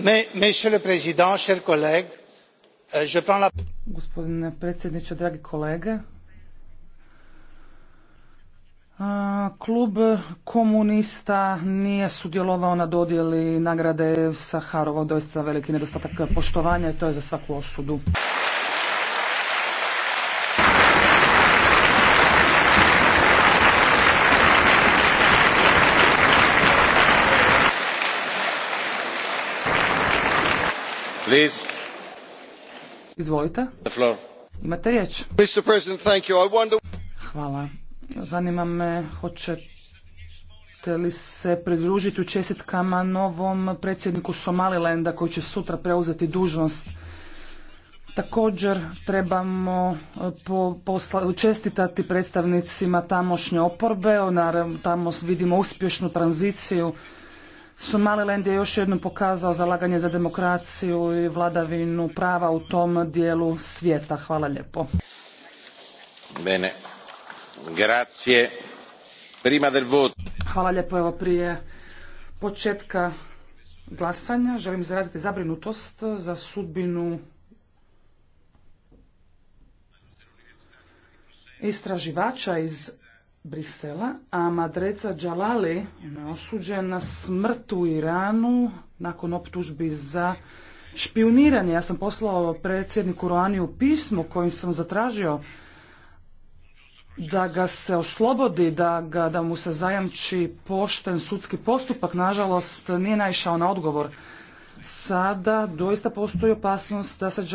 Euh, gospodine predsjedniče dragi kolege klub komunista nije sudjelovao na dodjeli nagrade saharova doista veliki nedostatak poštovanja i to je za svaku osudu. Hvala. Zanima me, hoćete li se pridružiti u čestitkama novom predsjedniku Somalilenda koji će sutra preuzeti dužnost Također trebamo eh, čestitati predstavnicima tamošnje oporbe, tamo vidimo uspješnu tranziciju Somaliland je još jednom pokazao zalaganje za demokraciju i vladavinu prava u tom dijelu svijeta. Hvala lijepo. Bene. Grazie. Prima del voto. Hvala lijepo. Evo prije početka glasanja želim izraziti zabrinutost za sudbinu istraživača iz Brisela, a Madreca Džalali je osuđena smrt u Iranu nakon optužbi za špioniranje. Ja sam poslao predsjedniku u pismo kojim sam zatražio da ga se oslobodi, da, ga, da mu se zajamči pošten sudski postupak. Nažalost, nije naišao na odgovor. Sada doista postoji opasnost da se